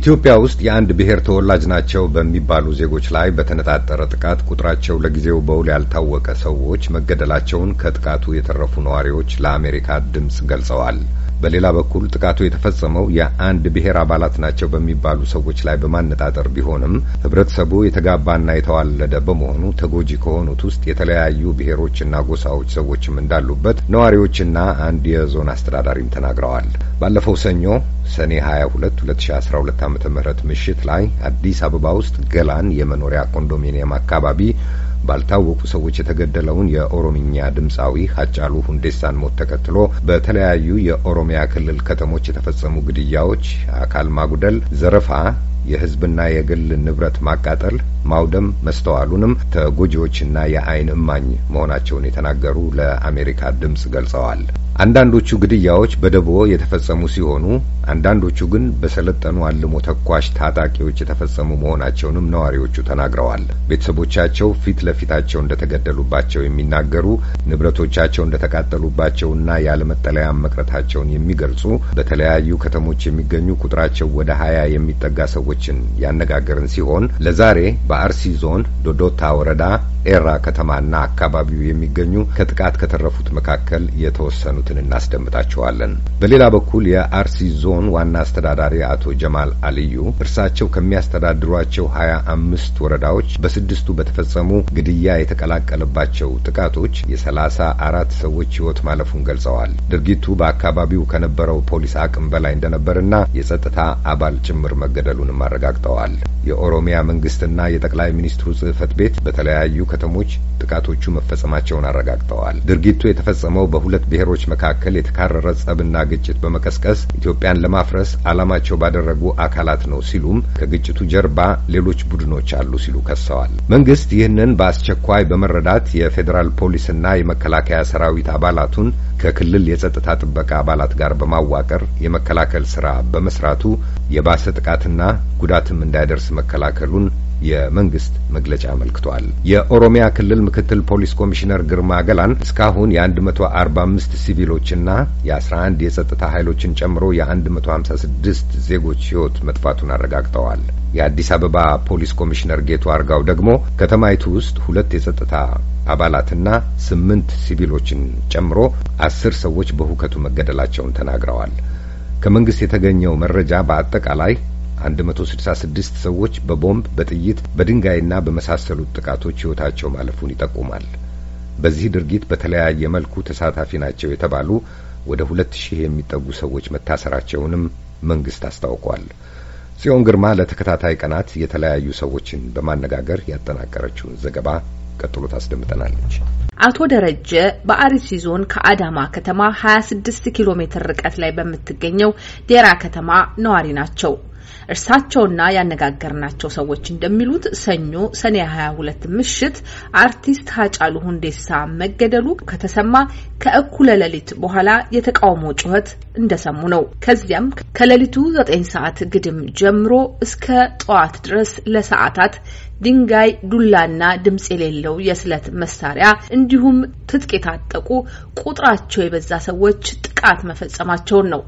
ኢትዮጵያ ውስጥ የአንድ ብሔር ተወላጅ ናቸው በሚባሉ ዜጎች ላይ በተነጣጠረ ጥቃት ቁጥራቸው ለጊዜው በውል ያልታወቀ ሰዎች መገደላቸውን ከጥቃቱ የተረፉ ነዋሪዎች ለአሜሪካ ድምጽ ገልጸዋል። በሌላ በኩል ጥቃቱ የተፈጸመው የአንድ ብሔር አባላት ናቸው በሚባሉ ሰዎች ላይ በማነጣጠር ቢሆንም ህብረተሰቡ የተጋባና የተዋለደ በመሆኑ ተጎጂ ከሆኑት ውስጥ የተለያዩ ብሔሮችና ጎሳዎች ሰዎችም እንዳሉበት ነዋሪዎችና አንድ የዞን አስተዳዳሪም ተናግረዋል። ባለፈው ሰኞ ሰኔ 22 2012 ም ምሽት ላይ አዲስ አበባ ውስጥ ገላን የመኖሪያ ኮንዶሚኒየም አካባቢ ባልታወቁ ሰዎች የተገደለውን የኦሮምኛ ድምፃዊ ሀጫሉ ሁንዴሳን ሞት ተከትሎ በተለያዩ የኦሮሚያ ክልል ከተሞች የተፈጸሙ ግድያዎች፣ አካል ማጉደል፣ ዘረፋ የህዝብና የግል ንብረት ማቃጠል፣ ማውደም መስተዋሉንም ተጎጂዎችና የአይን እማኝ መሆናቸውን የተናገሩ ለአሜሪካ ድምጽ ገልጸዋል። አንዳንዶቹ ግድያዎች በደቦ የተፈጸሙ ሲሆኑ አንዳንዶቹ ግን በሰለጠኑ አልሞ ተኳሽ ታጣቂዎች የተፈጸሙ መሆናቸውንም ነዋሪዎቹ ተናግረዋል። ቤተሰቦቻቸው ፊት ለፊታቸው እንደተገደሉባቸው የሚናገሩ ንብረቶቻቸው እንደተቃጠሉባቸውና ያለመጠለያ መቅረታቸውን የሚገልጹ በተለያዩ ከተሞች የሚገኙ ቁጥራቸው ወደ ሀያ የሚጠጋ ሰዎችን ያነጋገርን ሲሆን ለዛሬ በአርሲ ዞን ዶዶታ ወረዳ ኤራ ከተማና አካባቢው የሚገኙ ከጥቃት ከተረፉት መካከል የተወሰኑት ያሉትን እናስደምጣቸዋለን። በሌላ በኩል የአርሲ ዞን ዋና አስተዳዳሪ አቶ ጀማል አልዩ እርሳቸው ከሚያስተዳድሯቸው ሀያ አምስት ወረዳዎች በስድስቱ በተፈጸሙ ግድያ የተቀላቀለባቸው ጥቃቶች የሰላሳ አራት ሰዎች ሕይወት ማለፉን ገልጸዋል። ድርጊቱ በአካባቢው ከነበረው ፖሊስ አቅም በላይ እንደነበርና የጸጥታ አባል ጭምር መገደሉንም አረጋግጠዋል። የኦሮሚያ መንግስትና የጠቅላይ ሚኒስትሩ ጽህፈት ቤት በተለያዩ ከተሞች ጥቃቶቹ መፈጸማቸውን አረጋግጠዋል። ድርጊቱ የተፈጸመው በሁለት ብሔሮች መ መካከል የተካረረ ጸብና ግጭት በመቀስቀስ ኢትዮጵያን ለማፍረስ ዓላማቸው ባደረጉ አካላት ነው ሲሉም ከግጭቱ ጀርባ ሌሎች ቡድኖች አሉ ሲሉ ከሰዋል። መንግስት ይህንን በአስቸኳይ በመረዳት የፌዴራል ፖሊስና የመከላከያ ሰራዊት አባላቱን ከክልል የጸጥታ ጥበቃ አባላት ጋር በማዋቀር የመከላከል ስራ በመስራቱ የባሰ ጥቃትና ጉዳትም እንዳይደርስ መከላከሉን የመንግስት መግለጫ አመልክቷል። የኦሮሚያ ክልል ምክትል ፖሊስ ኮሚሽነር ግርማ ገላን እስካሁን የ145 ሲቪሎችና የ11 የጸጥታ ኃይሎችን ጨምሮ የ156 ዜጎች ሕይወት መጥፋቱን አረጋግጠዋል። የአዲስ አበባ ፖሊስ ኮሚሽነር ጌቱ አርጋው ደግሞ ከተማይቱ ውስጥ ሁለት የጸጥታ አባላትና ስምንት ሲቪሎችን ጨምሮ አስር ሰዎች በሁከቱ መገደላቸውን ተናግረዋል። ከመንግስት የተገኘው መረጃ በአጠቃላይ 166 ሰዎች በቦምብ በጥይት በድንጋይና በመሳሰሉት ጥቃቶች ሕይወታቸው ማለፉን ይጠቁማል። በዚህ ድርጊት በተለያየ መልኩ ተሳታፊ ናቸው የተባሉ ወደ ሁለት ሺህ የሚጠጉ ሰዎች መታሰራቸውንም መንግስት አስታውቋል። ጽዮን ግርማ ለተከታታይ ቀናት የተለያዩ ሰዎችን በማነጋገር ያጠናቀረችውን ዘገባ ቀጥሎ ታስደምጠናለች። አቶ ደረጀ በአርሲ ዞን ከአዳማ ከተማ 26 ኪሎ ሜትር ርቀት ላይ በምትገኘው ዴራ ከተማ ነዋሪ ናቸው። እርሳቸውና ያነጋገርናቸው ሰዎች እንደሚሉት ሰኞ ሰኔ 22 ምሽት አርቲስት ሀጫሉ ሁንዴሳ መገደሉ ከተሰማ ከእኩለ ሌሊት በኋላ የተቃውሞ ጩኸት እንደሰሙ ነው። ከዚያም ከሌሊቱ 9 ሰዓት ግድም ጀምሮ እስከ ጠዋት ድረስ ለሰዓታት ድንጋይ፣ ዱላና ድምጽ የሌለው የስለት መሳሪያ እንዲሁም ትጥቅ የታጠቁ ቁጥራቸው የበዛ ሰዎች ጥቃት መፈጸማቸውን ነው።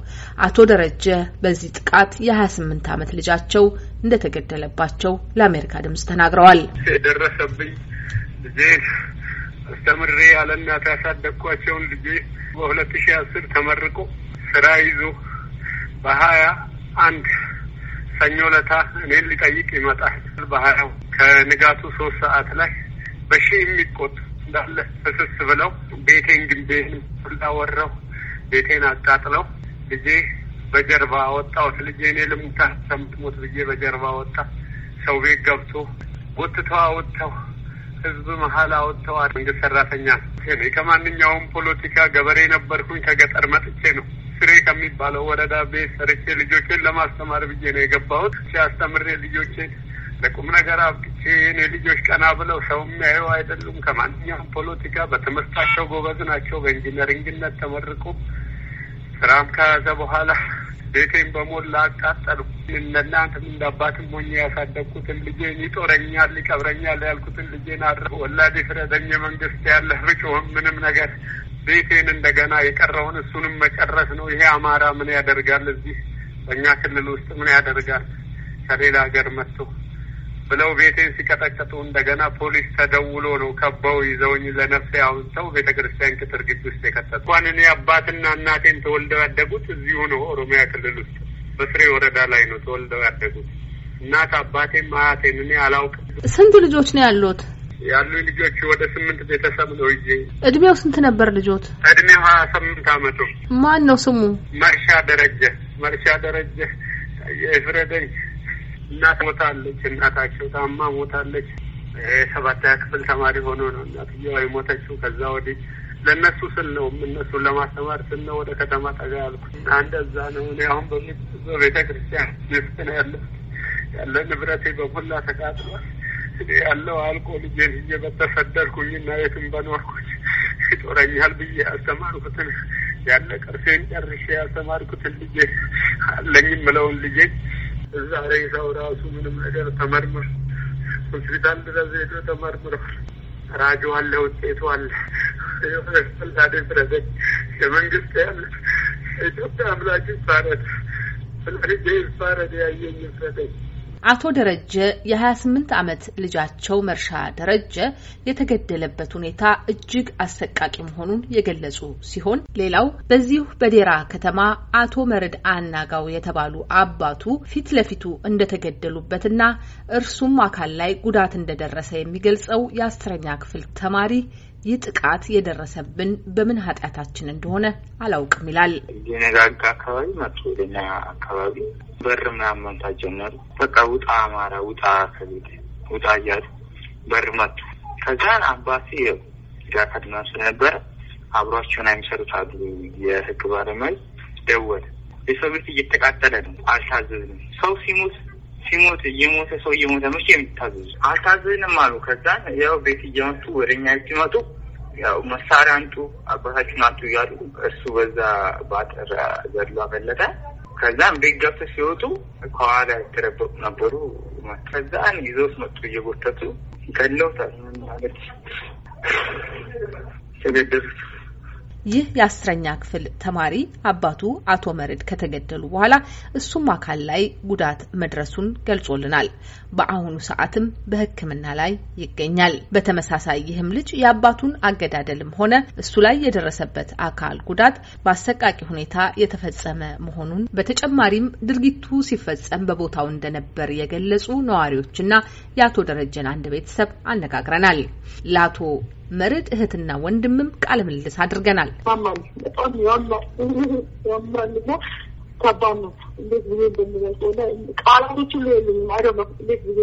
አቶ ደረጀ በዚህ ጥቃት የ28 ዓመት ልጃቸው እንደተገደለባቸው ለአሜሪካ ድምጽ ተናግረዋል። የደረሰብኝ ልጄ አስተምሬ ያለ እናት ያሳደግኳቸውን ልጄ በሁለት ሺ አስር ተመርቆ ስራ ይዞ በሀያ አንድ ሰኞ ለታ እኔን ሊጠይቅ ይመጣል። ባህያው ከንጋቱ ሶስት ሰዓት ላይ በሺ የሚቆጥ እንዳለ እስስ ብለው ቤቴን ግንቤን እንዳወረው ቤቴን አቃጥለው ልጄ በጀርባ ወጣሁት። ልጄ እኔ ልሙታ ሰምትሞት ብዬ በጀርባ ወጣ። ሰው ቤት ገብቶ ጎትተው አወጥተው ህዝብ መሀል አወጥተው መንግስት ሰራተኛ ከማንኛውም ፖለቲካ ገበሬ ነበርኩኝ። ከገጠር መጥቼ ነው ፍሬ ከሚባለው ወረዳ ቤት ሰርቼ ልጆቼን ለማስተማር ብዬ ነው የገባሁት። ሲያስተምሬ ልጆቼን ለቁም ነገር አብቅቼ የኔ ልጆች ቀና ብለው ሰው የሚያየው አይደሉም። ከማንኛውም ፖለቲካ በትምህርታቸው ጎበዝ ናቸው። በኢንጂነሪንግነት ተመርቆ ስራም ከያዘ በኋላ ቤቴን በሞላ አቃጠሉ። እናንተም እንደ አባትም ሆኜ ያሳደግኩትን ልጄን ይጦረኛል፣ ይቀብረኛል ያልኩትን ልጄን አድረ ወላዴ ፍረደኝ መንግስት ያለ ብጮህም ምንም ነገር ቤቴን እንደገና የቀረውን እሱንም መጨረስ ነው። ይሄ አማራ ምን ያደርጋል እዚህ በእኛ ክልል ውስጥ ምን ያደርጋል ከሌላ ሀገር መጥቶ ብለው ቤቴን ሲቀጠቀጡ እንደገና ፖሊስ ተደውሎ ነው ከበው ይዘውኝ ለነፍሴ አውጥተው ቤተ ክርስቲያን ቅጥር ግቢ ውስጥ የከተቱ። እንኳን እኔ አባትና እናቴን ተወልደው ያደጉት እዚሁ ነው፣ ኦሮሚያ ክልል ውስጥ በፍሬ ወረዳ ላይ ነው ተወልደው ያደጉት። እናት አባቴም አያቴን እኔ አላውቅም። ስንት ልጆች ነው ያሉት? ያሉ ልጆች ወደ ስምንት ቤተሰብ ነው ይዤ። እድሜው ስንት ነበር ልጆት? እድሜው ሀያ ስምንት አመቱ። ማን ነው ስሙ? መርሻ ደረጀ። መርሻ ደረጀ የፍረደኝ እናት ሞታለች። እናታቸው ታማ ሞታለች። ሰባተኛ ክፍል ተማሪ ሆኖ ነው እናትየዋ የሞተችው። ከዛ ወዲህ ለእነሱ ስል ነው እነሱን ለማስተማር ስል ነው ወደ ከተማ ጠጋ ያልኩ ያልኩት። እንደዛ ነው። እኔ አሁን በቤተ ክርስቲያን ውስጥ ነው ያለ ያለ ንብረቴ በኩላ ተቃጥሏል። ያለው አልቆ ልጄን ይዤ እና የትም በኖርኩኝ ይጦረኛል ብዬ ያስተማርኩትን ያለ ቀርሴን ጨርሼ ያስተማርኩትን ልጄ አለኝ ምለውን ልጄ ዛሬ ሰው ራሱ ምንም ነገር ተመርምር ሆስፒታል ድረስ ሄዶ ተመርምሮ ራጆ አለ፣ ውጤቱ አለ። ፍላዴ ፍረሰኝ የመንግስት ያለ ኢትዮጵያ አምላክ ይባረድ ፍላዴ ይባረድ ያየኝ ይፍረደኝ። አቶ ደረጀ የ28 ዓመት ልጃቸው መርሻ ደረጀ የተገደለበት ሁኔታ እጅግ አሰቃቂ መሆኑን የገለጹ ሲሆን ሌላው በዚሁ በዴራ ከተማ አቶ መረድ አናጋው የተባሉ አባቱ ፊት ለፊቱ እንደተገደሉበትና እርሱም አካል ላይ ጉዳት እንደደረሰ የሚገልጸው የአስረኛ ክፍል ተማሪ ይህ ጥቃት የደረሰብን በምን ኃጢአታችን እንደሆነ አላውቅም ይላል። የነጋጋ አካባቢ መጡ ወደኛ አካባቢ በር ምናምን መምታት ጀመሩ። በቃ ውጣ አማራ ውጣ ከቤት ውጣ እያሉ በር መጡ። ከዛ አባሲ ጋካድና ስለነበረ አብሯቸውን የሚሰሩት አሉ የህግ ባለሙያ ደወለ። የሰው ቤት እየተቃጠለ ነው፣ አልታዘዝንም። ሰው ሲሞት ሲሞት የሞተ ሰው እየሞተ መቼ የሚታዘዙ አልታዘዝንም አሉ። ከዛ ያው ቤት እየመጡ ወደ እኛ ሲመጡ ያው መሳሪያ አንጡ አባታችን አንጡ እያሉ እርሱ በዛ በአጥር ዘሎ አመለጠ። ከዛም ቤት ገብተ ሲወጡ ከኋላ የተደበቁ ነበሩ። ከዛን ይዘውት መጡ እየጎተቱ ገለውታል። ማለት ተገደሉት። ይህ የአስረኛ ክፍል ተማሪ አባቱ አቶ መርድ ከተገደሉ በኋላ እሱም አካል ላይ ጉዳት መድረሱን ገልጾልናል። በአሁኑ ሰዓትም በሕክምና ላይ ይገኛል። በተመሳሳይ ይህም ልጅ የአባቱን አገዳደልም ሆነ እሱ ላይ የደረሰበት አካል ጉዳት በአሰቃቂ ሁኔታ የተፈጸመ መሆኑን በተጨማሪም ድርጊቱ ሲፈጸም በቦታው እንደነበር የገለጹ ነዋሪዎችና የአቶ ደረጀን አንድ ቤተሰብ አነጋግረናል። ለአቶ መርድ እህትና ወንድምም ቃለ ምልልስ አድርገናል። ከባድ ነው። እንዴት ብዬ እንደሚገልጸው ቃላቶች ሁሉ የሉኝም። አይደለ እንዴት ብዬ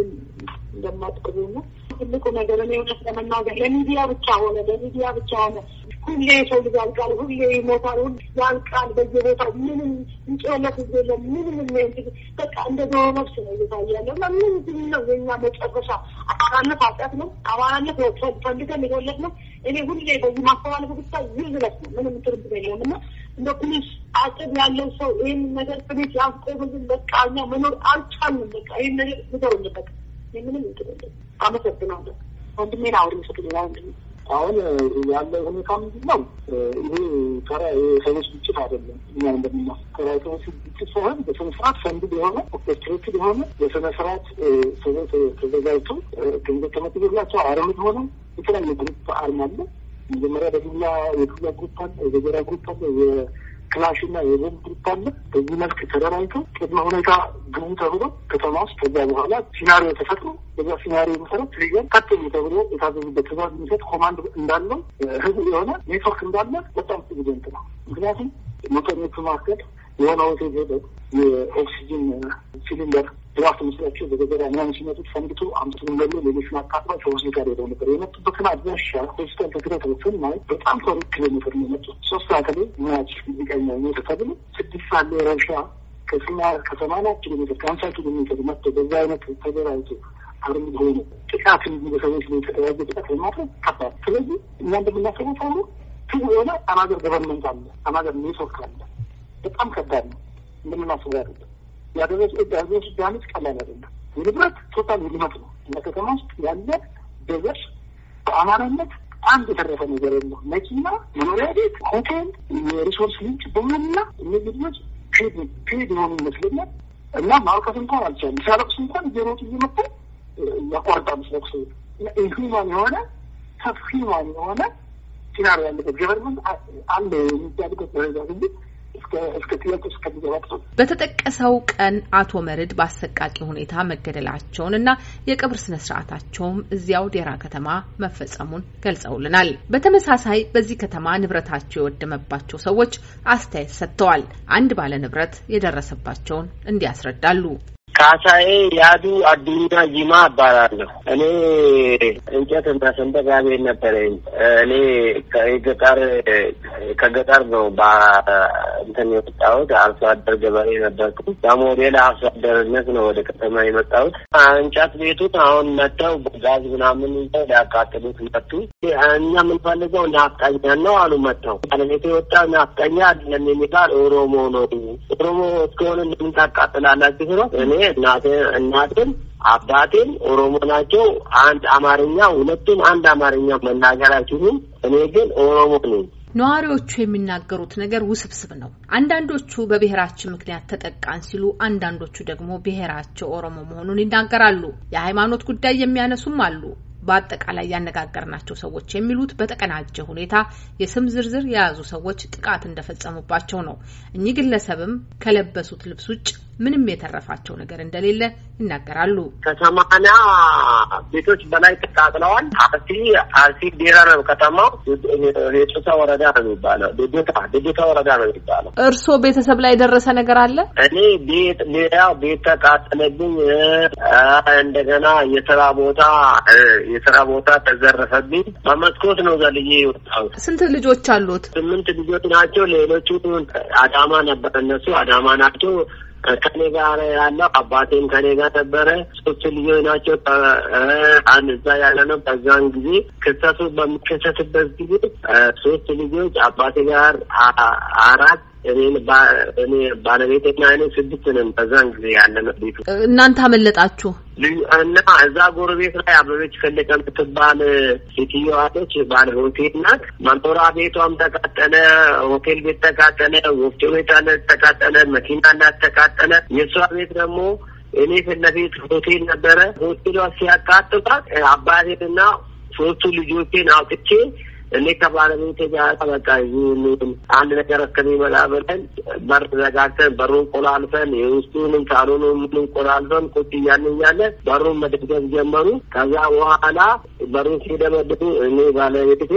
እንደማጥቅብ ነው። ትልቁ ነገር እኔ እውነት ለመናገር ለሚዲያ ብቻ ሆነ ለሚዲያ ብቻ ሆነ። ሁሌ የሰው ልጅ ያልቃል፣ ሁሌ ይሞታል፣ ሁሌ ያልቃል በየቦታው ምንም እንጨለት የለም። ምንም እንትን በቃ እንደ ዶሮ ነፍስ ነው እየታየ እና ምንድን ነው የኛ መጨረሻ? አማራነት ኃጢአት ነው። አማራነት ፈልገን የወለድነው እኔ ሁሌ በዚህ ማስተላለፍ ብቻ ይዝለት ነው ምንም ትርጉም የለውም እና እንደ ፕሊስ አቅም ያለው ሰው ይህን ነገር ፕሊስ ያስቆምልን። በቃ እኛ መኖር አልቻልንም። በቃ ይህን ነገር ምተውን በቃ ምንም ይቅርልን። አመሰግናለሁ። ወንድሜን አውሪ ምስክል ወንድሜ አሁን ያለው ሁኔታ ምንድን ነው? ይሄ ተራ የሰዎች ግጭት አይደለም። እኛ እንደምናስ ተራ የሰዎች ግጭት ሳይሆን በስነ ስርዓት ፈንድ የሆነ ኦርኬስትሬትድ የሆነ በስነ ስርዓት ሰዎች ተዘጋጅቶ ገንዘብ ተመጥቶላቸው አረሙት ሆነ የተለያየ ግሩፕ አርማ አለ መጀመሪያ በዱላ የዱላ ግሩፕ አለ፣ የገጀራ ግሩፕ አለ፣ የክላሽ እና የቦምብ ግሩፕ አለ። በዚህ መልክ ተደራጅተው ቅድመ ሁኔታ ግቡ ተብሎ ከተማ ውስጥ ከዛ በኋላ ሲናሪዮ ተፈጥሮ በዛ ሲናሪዮ መሰረት ትሪገር ቀጥሉ ተብሎ የታዘዙበት ትእዛዝ የሚሰጥ ኮማንድ እንዳለው ህዝብ የሆነ ኔትወርክ እንዳለ በጣም ጥሩ ነው። ምክንያቱም መቀኞቹ መካከል yoğun hava kirliliği, oksijen, e, silindir, draftımızı açıyordu. Ve böyle yani şimdi tut sanki tu antrenörlü lelesine katma çoğusunu karıyordu onu karıyor. Yönetti bakın arkadaşlar, hepsinden takır atılsın mı? Betam soru kilometrini yönetti. Sosyal tabi, mühendis bildik elmanını yönetti. Sıddık sallı ረብሻ ከስና ከተማ ናት ኪሎ ሜትር ከሀምሳ ኪሎ ሜትር መጥቶ በዛ አይነት ተደራጅቶ አርምድ ሆኑ ጥቃት ሰዎች ላይ የተደራጀ ጥቃት ለማድረግ ከባድ። ስለዚህ እኛ እንደምናስበው ተብሎ ትዝ የሆነ አናገር ገቨርንመንት አለ፣ አናገር ኔትወርክ አለ በጣም ከባድ ነው። እንደምናስቡ ያደለ ያደረሱ ያደረሱ ዳሜጅ ቀላል አይደለም። የንብረት ቶታል ውድመት ነው። እና ከተማ ውስጥ ያለ ደዘር በአማራነት አንድ የተረፈ ነገር የለው። መኪና፣ መኖሪያ ቤት፣ ሆቴል፣ የሪሶርስ ልንጭ በመላ እነዚህ ልጆች ፔድ የሆኑ ይመስለኛል እና ማውቀት እንኳን አልቻለም። ሲያለቅሱ እንኳን እየሮጡ እየመጡ ያቋርጣሉ ሲለቅሱ። ኢንሁማን የሆነ ሰፊ የሆነ ሲናሪ ያለበት ገቨርንመንት አለ የሚባልበት ደረጃ ግን እስከ ጥያቄ በተጠቀሰው ቀን አቶ መርድ በአሰቃቂ ሁኔታ መገደላቸውን እና የቅብር ስነ ስርዓታቸውም እዚያው ዴራ ከተማ መፈጸሙን ገልጸውልናል። በተመሳሳይ በዚህ ከተማ ንብረታቸው የወደመባቸው ሰዎች አስተያየት ሰጥተዋል። አንድ ባለ ንብረት የደረሰባቸውን እንዲያስረዳሉ ካሳዬ ያዱ አዱኛ ጂማ እባላለሁ። እኔ እንጨት እና ሰንደቅ ቤት ነበረኝ። እኔ ከገጠር ከገጠር ነው በእንትን የወጣሁት። አርሶ አደር ገበሬ ነበርኩ። በሞዴል አርሶ አደርነት ነው ወደ ከተማ የመጣሁት። እንጨት ቤቱን አሁን መጥተው በጋዝ ምናምን ይዘው ሊያቃጥሉት መጡ። እኛ የምንፈልገው ናፍጣኛ ነው አሉ መጥተው። ባለቤቴ የወጣ ናፍጣኛ አይደለም የሚባል ኦሮሞ ነው ኦሮሞ እስከሆነ እንደምን ታቃጥላላችሁ? እኔ እናትን አባቴን ኦሮሞ ናቸው። አንድ አማርኛ ሁለቱም አንድ አማርኛ መናገር አይችሉም። እኔ ግን ኦሮሞ ነኝ። ነዋሪዎቹ የሚናገሩት ነገር ውስብስብ ነው። አንዳንዶቹ በብሔራችን ምክንያት ተጠቃን ሲሉ፣ አንዳንዶቹ ደግሞ ብሔራቸው ኦሮሞ መሆኑን ይናገራሉ። የሃይማኖት ጉዳይ የሚያነሱም አሉ። በአጠቃላይ ያነጋገርናቸው ሰዎች የሚሉት በተቀናጀ ሁኔታ የስም ዝርዝር የያዙ ሰዎች ጥቃት እንደፈጸሙባቸው ነው። እኚህ ግለሰብም ከለበሱት ልብስ ውጭ ምንም የተረፋቸው ነገር እንደሌለ ይናገራሉ። ከሰማንያ ቤቶች በላይ ተቃጥለዋል። አርሲ አርሲ ብሔረ ከተማው ሬጡሳ ወረዳ ነው የሚባለው ልጅታ ልጅታ ወረዳ ነው የሚባለው። እርስዎ ቤተሰብ ላይ የደረሰ ነገር አለ? እኔ ቤት ሌላ ቤት ተቃጠለብኝ። እንደገና የስራ ቦታ የስራ ቦታ ተዘረፈብኝ። በመስኮት ነው ዘልዬ የወጣሁት። ስንት ልጆች አሉት? ስምንት ልጆች ናቸው። ሌሎቹ አዳማ ነበር፣ እነሱ አዳማ ናቸው። ከኔ ጋር ያለው አባቴም ከኔ ጋር ነበረ። ሶስት ልጆች ናቸው። አንድ እዛ ያለ ነው። በዛን ጊዜ ክስተቱ በሚከሰትበት ጊዜ ሶስት ልጆች አባቴ ጋር አራት እኔን እኔ ባለቤቴና እኔ ስድስት ነን። በዛን ጊዜ ያለ ቤቱ እናንተ አመለጣችሁ እና እዛ ጎረቤት ላይ አበበች ፈለቀ የምትባል ሴትዮ አለች። ባለ ሆቴል ናት። ማንጦራ ቤቷም ተቃጠለ፣ ሆቴል ቤት ተቃጠለ፣ ወፍጮ ቤት ተቃጠለ፣ መኪና እናት ተቃጠለ። የእሷ ቤት ደግሞ እኔ ፊት ለፊት ሆቴል ነበረ። ሆቴሏ ሲያቃጥሏት አባቴንና ሶስቱ ልጆቼን አውጥቼ እኔ ከባለቤቴ ጋር በቃ አንድ ነገር እስከሚመጣ ብለን በር ተዘጋግተን በሩን ቆላልፈን የውስጡንም ሳሎኑን ምንም ቆላልፈን ቁጭ እያልን እያለ በሩን መደገፍ ጀመሩ። ከዛ በኋላ በሩን ሲደመድቡ እኔ ባለቤቴ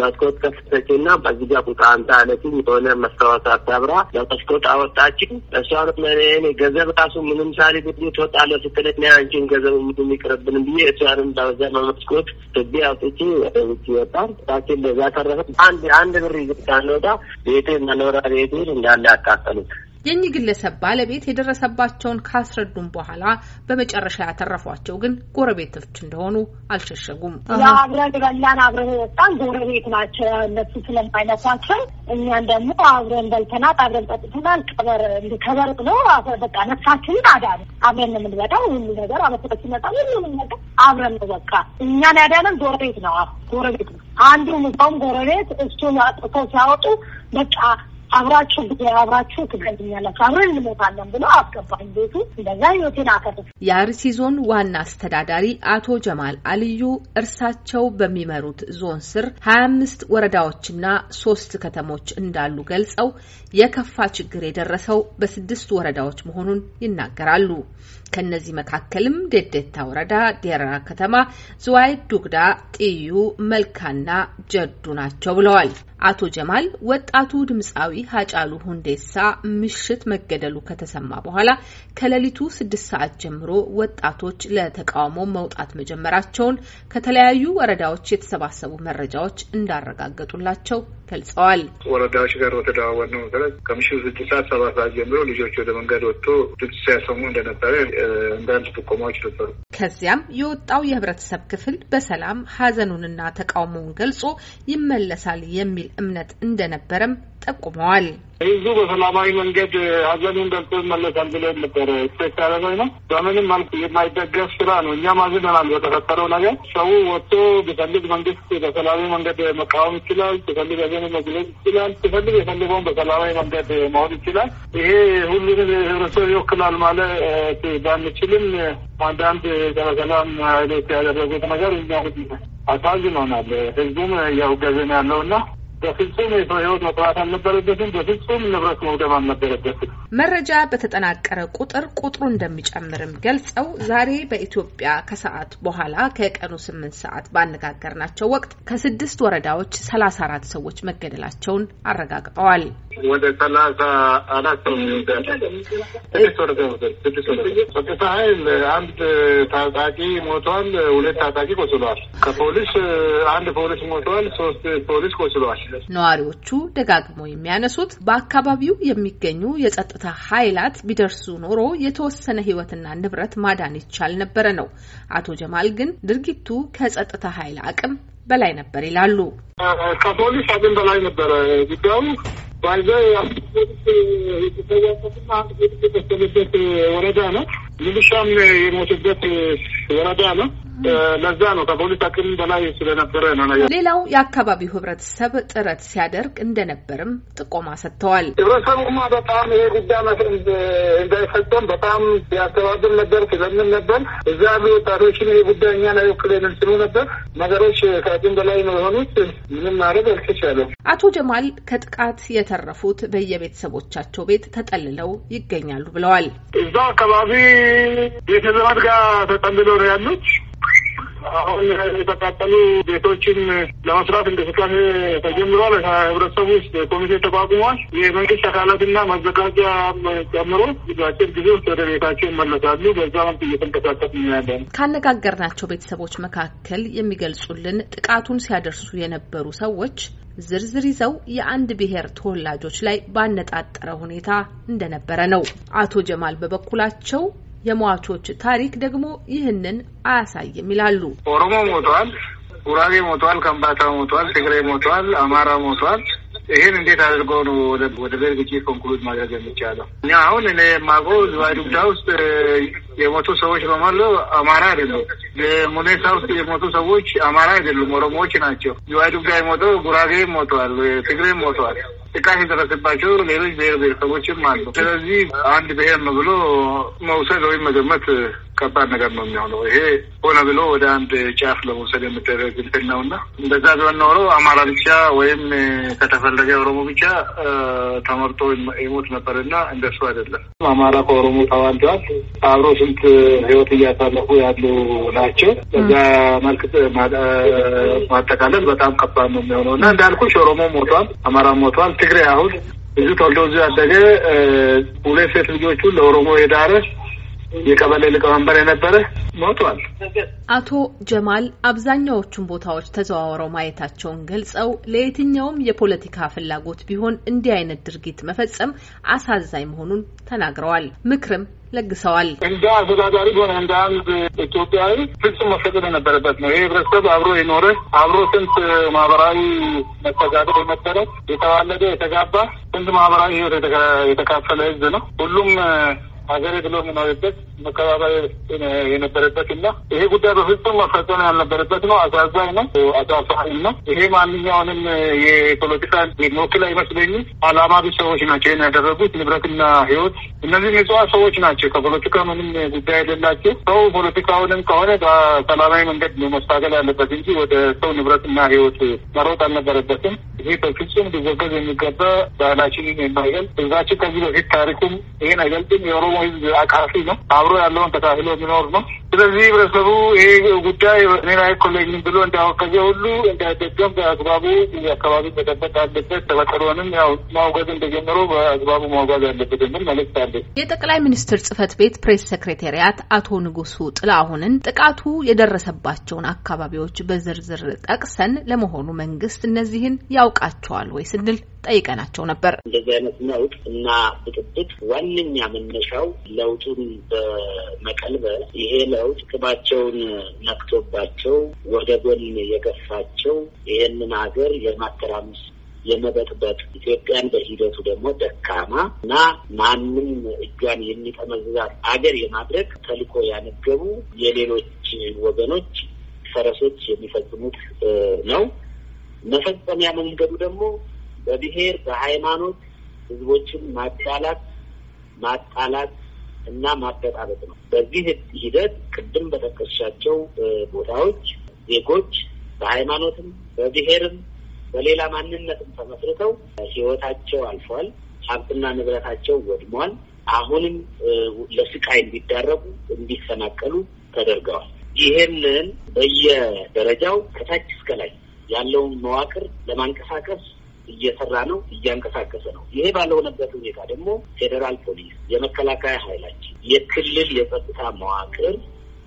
መስኮት ከፍተችና በዚጋ ቁጣ አንተ አለችኝ። የሆነ መስታወት አታብራ ለመስኮት አወጣችኝ። እሷን እኔ ገንዘብ ራሱ ምንም ሳሌ ብዙ ትወጣለ ስትለኝ አንቺን ገንዘብ ምንም ይቅርብን ብዬ እሷንም በዛ በመስኮት ትቤ አውጥቼ ወደ ውጭ ይወጣል ታች ያተረፈ አንድ አንድ ብር ይዝብታለወጣ ቤቴ መኖሪያ ቤቴ እንዳለ ያቃጠሉት የኚህ ግለሰብ ባለቤት የደረሰባቸውን ካስረዱም በኋላ በመጨረሻ ያተረፏቸው ግን ጎረቤቶች እንደሆኑ አልሸሸጉም። አብረን በላን፣ አብረን ወጣን፣ ጎረቤት ናቸው። እነሱ ስለማይነኳቸው እኛን ደግሞ አብረን በልተናት፣ አብረን ጠጥተናል። ቀበር ከበር ብሎ በቃ ነፍሳችንን አዳነ። አብረን ነው ሁሉ ነገር አበሰበት ይመጣል፣ ሁሉም ነገር አብረን ነው በቃ እኛን ያዳነን ጎረቤት ነው። ጎረቤት ነው አንዱ ምዛውም ጎረቤት እሱን አጥርተው ሲያወጡ በቃ አብራችሁ አብራችሁ ትገኛላችሁ፣ አብረን እንሞታለን ብሎ አስገባኝ ቤቱ። እንደዛ ህይወቴን አከት የአርሲ ዞን ዋና አስተዳዳሪ አቶ ጀማል አልዩ እርሳቸው በሚመሩት ዞን ስር ሀያ አምስት ወረዳዎችና ሶስት ከተሞች እንዳሉ ገልጸው የከፋ ችግር የደረሰው በስድስት ወረዳዎች መሆኑን ይናገራሉ። ከነዚህ መካከልም ደደታ ወረዳ ዴራ ከተማ፣ ዝዋይ ዱግዳ፣ ጥዩ መልካና ጀዱ ናቸው ብለዋል አቶ ጀማል። ወጣቱ ድምፃዊ ሀጫሉ ሁንዴሳ ምሽት መገደሉ ከተሰማ በኋላ ከሌሊቱ ስድስት ሰዓት ጀምሮ ወጣቶች ለተቃውሞ መውጣት መጀመራቸውን ከተለያዩ ወረዳዎች የተሰባሰቡ መረጃዎች እንዳረጋገጡላቸው ገልጸዋል። ወረዳዎች ጋር ነው መሰረት ከምሽቱ ስድስት ሰዓት ሰባት ሰዓት ጀምሮ ልጆች ወደ መንገድ ወጥቶ ድምፅ ሲያሰሙ እንደነበረ አንዳንድ ጥቆማዎች ነበሩ። ከዚያም የወጣው የህብረተሰብ ክፍል በሰላም ሀዘኑንና ተቃውሞውን ገልጾ ይመለሳል የሚል እምነት እንደነበረም ጠቁመዋል። ህዝቡ በሰላማዊ መንገድ ሀዘኑን ገልጦ ይመለሳል ብለ ነበር ስፔክት ያደረገ ነው። በምንም መልኩ የማይደገፍ ስራ ነው። እኛም አዝነናል በተፈጠረው ነገር። ሰው ወጥቶ ቢፈልግ መንግስት በሰላማዊ መንገድ መቃወም ይችላል። ቢፈልግ ሀዘኑ መግለጽ ይችላል። ቢፈልግ የፈልገውን በሰላማዊ መንገድ መሆን ይችላል። ይሄ ሁሉንም ህብረተሰብ ይወክላል ማለት ባንችልም አንዳንድ በሰላም ኃይሎች ያደረጉት ነገር እኛ አሳዝኖናል። ህዝቡም እያወገዘን ያለውና በፍጹም የሆነ ጥዋት አልነበረበትም። በፍጹም ንብረት መውደም አልነበረበትም። መረጃ በተጠናቀረ ቁጥር ቁጥሩ እንደሚጨምርም ገልጸው ዛሬ በኢትዮጵያ ከሰዓት በኋላ ከቀኑ ስምንት ሰዓት ባነጋገርናቸው ወቅት ከስድስት ወረዳዎች ሰላሳ አራት ሰዎች መገደላቸውን አረጋግጠዋል። ወደ ሰላሳ አራት ጸጥታ ኃይል አንድ ታጣቂ ሞቷል፣ ሁለት ታጣቂ ቆስሏል። ከፖሊስ አንድ ፖሊስ ሞቷል፣ ሶስት ፖሊስ ቆስሏል። ነዋሪዎቹ ደጋግሞ የሚያነሱት በአካባቢው የሚገኙ የጸጥ የጸጥታ ኃይላት ቢደርሱ ኖሮ የተወሰነ ህይወትና ንብረት ማዳን ይቻል ነበረ ነው። አቶ ጀማል ግን ድርጊቱ ከጸጥታ ኃይል አቅም በላይ ነበር ይላሉ። ከፖሊስ አቅም በላይ ነበረ ጉዳዩ ባይዘ የተሰዋበትና አንድ ፖሊስ የቆሰለበት ወረዳ ነው። ሚሊሻም የሞትበት ወረዳ ነው። ለዛ ነው ከፖሊስ አቅም በላይ ስለነበረ ነው። ሌላው የአካባቢው ህብረተሰብ ጥረት ሲያደርግ እንደነበርም ጥቆማ ሰጥተዋል። ህብረተሰቡማ በጣም ይሄ ጉዳይ እንዳይፈጸም በጣም ሲያስተባብል ነበር፣ ስለምን ነበር እዛ ወጣቶችን ይሄ ጉዳይ እኛ ላይ ወክለን ስሉ ነበር። ነገሮች ከአቅም በላይ ነው የሆኑት። ምንም ማድረግ አልተቻለም። አቶ ጀማል ከጥቃት የተረፉት በየቤተሰቦቻቸው ቤት ተጠልለው ይገኛሉ ብለዋል። እዛ አካባቢ ቤተዘመድ ጋር ተጠልለው ነው ያሉት አሁን የተቃጠሉ ቤቶችን ለመስራት እንቅስቃሴ ተጀምሯል። ህብረተሰቡ ውስጥ ኮሚቴ ተቋቁሟል። የመንግስት አካላትና ማዘጋጃ ጨምሮ አጭር ጊዜ ውስጥ ወደ ቤታቸው ይመለሳሉ። በዛ መልክ እየተንቀሳቀስ ያለን ካነጋገርናቸው ቤተሰቦች መካከል የሚገልጹልን ጥቃቱን ሲያደርሱ የነበሩ ሰዎች ዝርዝር ይዘው የአንድ ብሔር ተወላጆች ላይ ባነጣጠረ ሁኔታ እንደነበረ ነው። አቶ ጀማል በበኩላቸው የሟቾች ታሪክ ደግሞ ይህንን አያሳይም ይላሉ። ኦሮሞ ሞቷል፣ ጉራጌ ሞቷል፣ ከምባታ ሞቷል፣ ትግሬ ሞቷል፣ አማራ ሞቷል። ይህን እንዴት አድርገው ነው ወደ ብሔር ግጭት ኮንክሉድ ማድረግ የሚቻለው? እኛ አሁን እኔ የማውቀው ዱግዳ ውስጥ የሞቱ ሰዎች በማለው አማራ አይደሉም። ሙኔሳ ውስጥ የሞቱ ሰዎች አማራ አይደሉም፣ ኦሮሞዎች ናቸው። ዱግዳ የሞተው ጉራጌ ሞተዋል፣ ትግሬ ሞተዋል። ጥቃት የደረሰባቸው ሌሎች ብሔር ብሔረሰቦችም አሉ። ስለዚህ አንድ ብሔር ነው ብሎ መውሰድ ወይም መገመት ከባድ ነገር ነው የሚሆነው። ይሄ ሆነ ብሎ ወደ አንድ ጫፍ ለመውሰድ የምደረግ እንትን ነው እና እንደዛ ቢሆን ኖሮ አማራ ብቻ ወይም ከተፈለገ ኦሮሞ ብቻ ተመርጦ ይሞት ነበር እና እንደሱ አይደለም። አማራ ከኦሮሞ ተዋልደዋል። አብሮ ስንት ህይወት እያሳለፉ ያሉ ናቸው። በዛ መልክ ማጠቃለል በጣም ከባድ ነው የሚሆነው እና እንዳልኩሽ ኦሮሞ ሞቷል፣ አማራ ሞቷል፣ ትግሬ አሁን ብዙ ተወልዶ ያደገ ሁለት ሴት ልጆቹ ለኦሮሞ የዳረ የቀበሌ ሊቀመንበር የነበረ ሞቷል። አቶ ጀማል አብዛኛዎቹን ቦታዎች ተዘዋውረው ማየታቸውን ገልጸው ለየትኛውም የፖለቲካ ፍላጎት ቢሆን እንዲህ አይነት ድርጊት መፈጸም አሳዛኝ መሆኑን ተናግረዋል። ምክርም ለግሰዋል። እንደ አስተዳዳሪ ሆነ እንደ አንድ ኢትዮጵያዊ ፍጹም መፈቀድ የነበረበት ነው። ይህ ህብረተሰብ አብሮ የኖረ አብሮ ስንት ማህበራዊ መተጋደር የነበረ የተዋለደ የተጋባ ስንት ማህበራዊ ህይወት የተካፈለ ህዝብ ነው። ሁሉም ሀገሬ ብሎ የምናዝበት መከባበር የነበረበት እና ይሄ ጉዳይ በፍጹም መፈጸም ያልነበረበት ነው። አሳዛኝ ነው፣ አሳፋሪም ነው። ይሄ ማንኛውንም የፖለቲካ የሚወክል አይመስለኝም። አላማ ቢስ ሰዎች ናቸው ይህን ያደረጉት፣ ንብረትና ህይወት። እነዚህ ንጹሐን ሰዎች ናቸው፣ ከፖለቲካ ምንም ጉዳይ የሌላቸው። ሰው ፖለቲካውንም ከሆነ በሰላማዊ መንገድ መስታገል ያለበት እንጂ ወደ ሰው ንብረትና ህይወት መሮጥ አልነበረበትም። ይሄ በፍጹም ሊወገዝ የሚገባ ባህላችንን የማይገል ህዝባችን ከዚህ በፊት ታሪኩም ይህን አይገልጽም የኦሮሞ የኦሮሞ ህዝብ አካፊ ነው። አብሮ ያለውን ተካፍሎ የሚኖር ነው። ስለዚህ ህብረተሰቡ ይሄ ጉዳይ እኔ ላይ አይኮለኝም ብሎ እንዳወከዘ ሁሉ እንዳይደገም በአግባቡ አካባቢ መጠበቅ አለበት። ተፈጠሮንም ያው ማውገዝ እንደጀመረው በአግባቡ ማውጋዝ አለበት የሚል መልእክት አለ። የጠቅላይ ሚኒስትር ጽህፈት ቤት ፕሬስ ሴክሬታሪያት አቶ ንጉሱ ጥላሁንን ጥቃቱ የደረሰባቸውን አካባቢዎች በዝርዝር ጠቅሰን ለመሆኑ መንግስት እነዚህን ያውቃቸዋል ወይ ስንል ጠይቀናቸው ነበር። እንደዚህ አይነት ነውጥ እና ብጥብጥ ዋነኛ መነሻው ለውጡን በመቀልበል ይሄ ለውጥ ቅባቸውን ነክቶባቸው ወደ ጎን የገፋቸው ይህንን ሀገር የማተራመስ የመበጥበጥ ኢትዮጵያን በሂደቱ ደግሞ ደካማ እና ማንም እጇን የሚጠመዝዛት አገር የማድረግ ተልዕኮ ያነገቡ የሌሎች ወገኖች ፈረሶች የሚፈጽሙት ነው። መፈጸሚያ መንገዱ ደግሞ በብሔር በሃይማኖት ህዝቦችን ማዳላት ማጣላት እና ማበጣበጥ ነው። በዚህ ሂደት ቅድም በተከሻቸው ቦታዎች ዜጎች በሃይማኖትም በብሔርም በሌላ ማንነትም ተመስርተው ህይወታቸው አልፏል። ሀብትና ንብረታቸው ወድሟል። አሁንም ለስቃይ እንዲዳረጉ እንዲሰናቀሉ ተደርገዋል። ይህንን በየደረጃው ከታች እስከ ላይ ያለውን መዋቅር ለማንቀሳቀስ እየሰራ ነው፣ እያንቀሳቀሰ ነው። ይሄ ባልሆነበት ሁኔታ ደግሞ ፌዴራል ፖሊስ፣ የመከላከያ ኃይላችን፣ የክልል የጸጥታ መዋቅር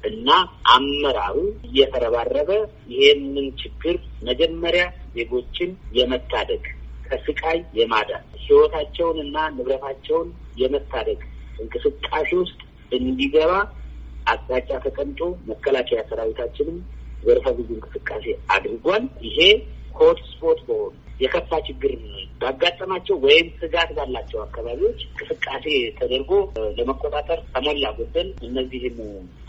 እና አመራሩ እየተረባረበ ይሄንን ችግር መጀመሪያ ዜጎችን የመታደግ ከስቃይ የማዳን ህይወታቸውን እና ንብረታቸውን የመታደግ እንቅስቃሴ ውስጥ እንዲገባ አቅጣጫ ተቀምጦ መከላከያ ሰራዊታችንም ዘርፈ ብዙ እንቅስቃሴ አድርጓል። ይሄ ሆትስፖት በሆኑ የከፋ ችግር ባጋጠማቸው ወይም ስጋት ባላቸው አካባቢዎች እንቅስቃሴ ተደርጎ ለመቆጣጠር ከሞላ ጎደል እነዚህም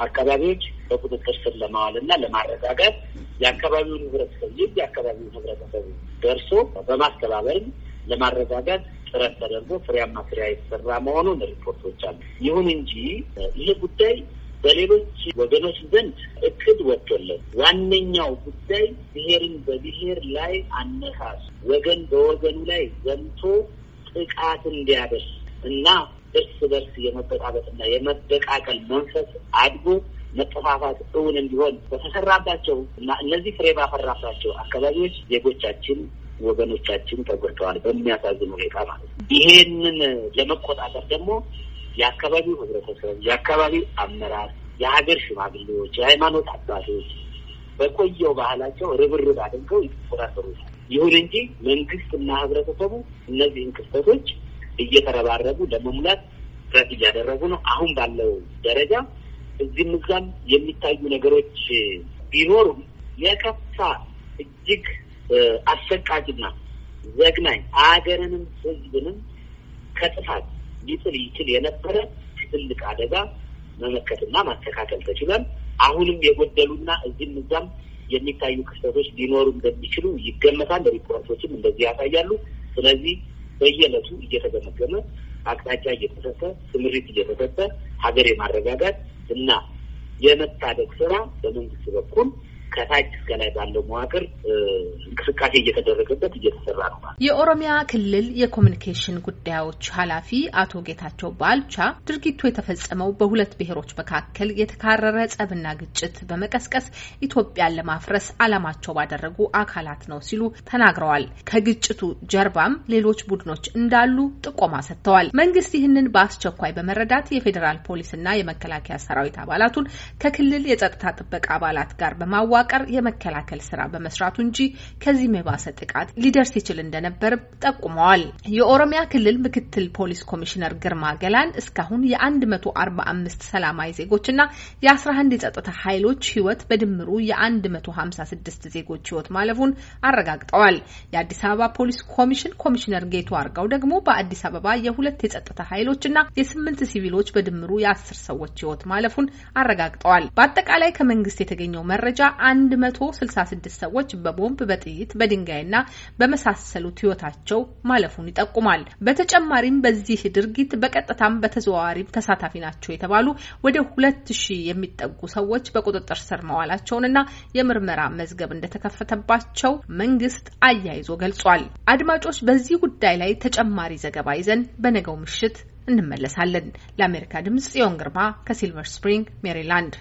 አካባቢዎች በቁጥጥር ስር ለማዋል እና ለማረጋጋት የአካባቢውን ህብረተሰብ ይህ የአካባቢውን ህብረተሰብ ደርሶ በማስተባበርም ለማረጋጋት ጥረት ተደርጎ ፍሬያማ ስራ የተሰራ መሆኑን ሪፖርቶች አሉ። ይሁን እንጂ ይህ ጉዳይ በሌሎች ወገኖች ዘንድ እቅድ ወጥቶለት ዋነኛው ጉዳይ ብሔርን በብሔር ላይ አነሳሱ ወገን በወገኑ ላይ ዘምቶ ጥቃት እንዲያደርስ እና እርስ በርስ የመበጣበጥና የመበቃቀል መንፈስ አድጎ መጠፋፋት እውን እንዲሆን በተሰራባቸው እና እነዚህ ፍሬ ባፈራባቸው አካባቢዎች ዜጎቻችን ወገኖቻችን ተጎድተዋል፣ በሚያሳዝን ሁኔታ ማለት ነው። ይሄንን ለመቆጣጠር ደግሞ የአካባቢው ህብረተሰብ፣ የአካባቢው አመራር፣ የሀገር ሽማግሌዎች፣ የሃይማኖት አባቶች በቆየው ባህላቸው ርብርብ አድርገው ይቆጣጠሩታል። ይሁን እንጂ መንግስትና ህብረተሰቡ እነዚህን ክፍተቶች እየተረባረቡ ለመሙላት ጥረት እያደረጉ ነው። አሁን ባለው ደረጃ እዚህም እዛም የሚታዩ ነገሮች ቢኖሩም የከፋ እጅግ አሰቃቂና ዘግናኝ አገርንም ህዝብንም ከጥፋት ሊጥል ይችል የነበረ ትልቅ አደጋ መመከትና ማስተካከል ተችሏል። አሁንም የጎደሉና እዚህም እዛም የሚታዩ ክስተቶች ሊኖሩ እንደሚችሉ ይገመታል። ሪፖርቶችም እንደዚህ ያሳያሉ። ስለዚህ በየዕለቱ እየተገመገመ አቅጣጫ እየተሰጠ ስምሪት እየተሰጠ ሀገር የማረጋጋት እና የመታደግ ስራ በመንግስት በኩል ከታች እስከ ላይ ባለው መዋቅር እንቅስቃሴ እየተደረገበት እየተሰራ ነው። የኦሮሚያ ክልል የኮሚኒኬሽን ጉዳዮች ኃላፊ አቶ ጌታቸው ባልቻ ድርጊቱ የተፈጸመው በሁለት ብሔሮች መካከል የተካረረ ጸብና ግጭት በመቀስቀስ ኢትዮጵያን ለማፍረስ ዓላማቸው ባደረጉ አካላት ነው ሲሉ ተናግረዋል። ከግጭቱ ጀርባም ሌሎች ቡድኖች እንዳሉ ጥቆማ ሰጥተዋል። መንግስት ይህንን በአስቸኳይ በመረዳት የፌዴራል ፖሊስና የመከላከያ ሰራዊት አባላቱን ከክልል የጸጥታ ጥበቃ አባላት ጋር በማዋ በማዋቀር የመከላከል ስራ በመስራቱ እንጂ ከዚህም የባሰ ጥቃት ሊደርስ ይችል እንደነበር ጠቁመዋል። የኦሮሚያ ክልል ምክትል ፖሊስ ኮሚሽነር ግርማ ገላን እስካሁን የ145 ሰላማዊ ዜጎችና የ11 የጸጥታ ኃይሎች ህይወት በድምሩ የ156 ዜጎች ህይወት ማለፉን አረጋግጠዋል። የአዲስ አበባ ፖሊስ ኮሚሽን ኮሚሽነር ጌቱ አርጋው ደግሞ በአዲስ አበባ የሁለት የጸጥታ ኃይሎችና የስምንት ሲቪሎች በድምሩ የ ሰዎች ህይወት ማለፉን አረጋግጠዋል። በአጠቃላይ ከመንግስት የተገኘው መረጃ 166 ሰዎች በቦምብ በጥይት በድንጋይና በመሳሰሉት ህይወታቸው ማለፉን ይጠቁማል። በተጨማሪም በዚህ ድርጊት በቀጥታም በተዘዋዋሪም ተሳታፊ ናቸው የተባሉ ወደ ሁለት ሺህ የሚጠጉ ሰዎች በቁጥጥር ስር መዋላቸውንና የምርመራ መዝገብ እንደተከፈተባቸው መንግስት አያይዞ ገልጿል። አድማጮች በዚህ ጉዳይ ላይ ተጨማሪ ዘገባ ይዘን በነገው ምሽት እንመለሳለን። ለአሜሪካ ድምጽ ጽዮን ግርማ ከሲልቨር ስፕሪንግ ሜሪላንድ